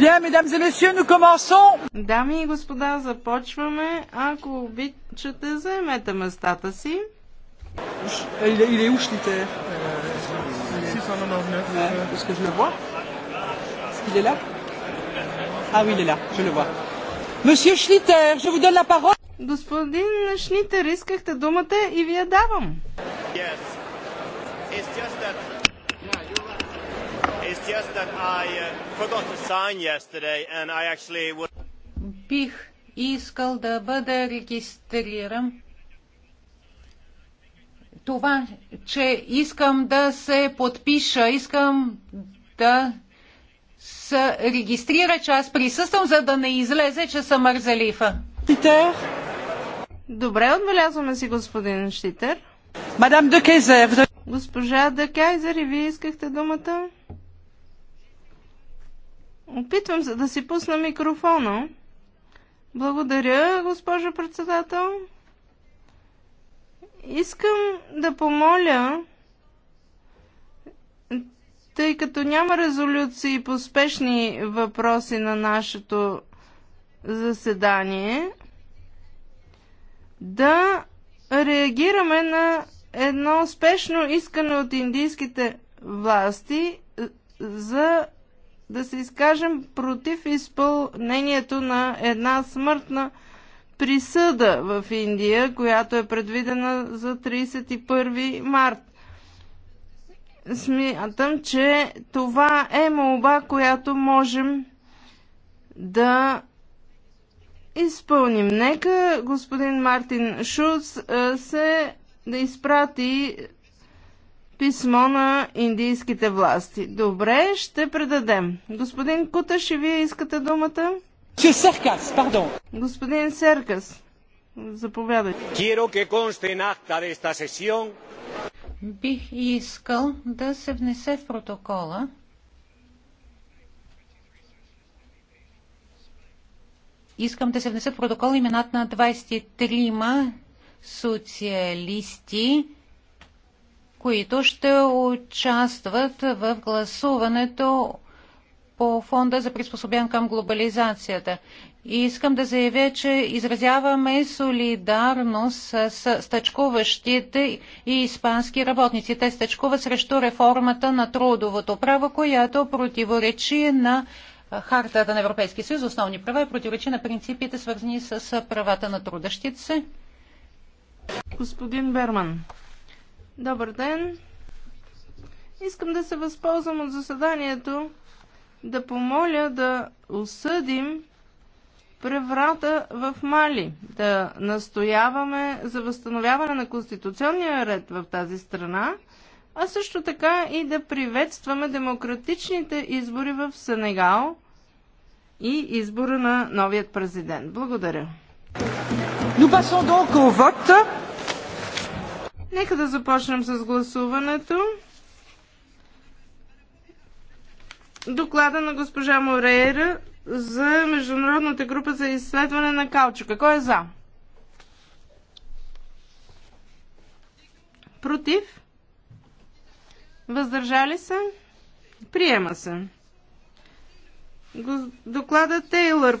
Bien, mesdames et messieurs, nous commençons. Дами и господа, започваме. Ако обичате, заемете местата си. Il est où, Schlitter Il est 699. Est-ce que je le vois Est-ce qu'il est là Ah oui, il est là, je le vois. Monsieur Schlitter, je vous donne la parole. Господин Шнитер, искахте думата и ви я давам. Yes. It's just that Uh, Бих искал да бъда регистриран. Това, че искам да се подпиша, искам да се регистрира, че аз присъствам, за да не излезе, че съм мързелифа. Питер. Добре, отбелязваме си господин Штитер. Мадам Госпожа Декейзер, и вие искахте думата? Опитвам се да си пусна микрофона. Благодаря, госпожо председател. Искам да помоля, тъй като няма резолюции по спешни въпроси на нашето заседание, да реагираме на едно спешно искане от индийските власти за да се изкажем против изпълнението на една смъртна присъда в Индия, която е предвидена за 31 март. Смятам, че това е молба, която можем да изпълним. Нека господин Мартин Шуц се да изпрати писмо на индийските власти. Добре, ще предадем. Господин Куташ, и вие искате думата? Серкас, пардон. Господин Серкас, заповядайте. Бих искал да се внесе в протокола Искам да се внесе в протокол имената на 23 социалисти, които ще участват в гласуването по фонда за приспособен към глобализацията. И искам да заявя, че изразяваме солидарност с стъчкуващите и испански работници. Те стъчкуват срещу реформата на трудовото право, която противоречи на Хартата на Европейския съюз, основни права и противоречи на принципите, свързани с правата на трудащите се. Господин Берман. Добър ден! Искам да се възползвам от заседанието да помоля да осъдим преврата в Мали, да настояваме за възстановяване на конституционния ред в тази страна, а също така и да приветстваме демократичните избори в Сенегал и избора на новият президент. Благодаря. Nous passons donc au vote. Нека да започнем с гласуването. Доклада на госпожа Морейра за Международната група за изследване на каучука. Кой е за? Против? Въздържали се? Приема се. Доклада Тейлър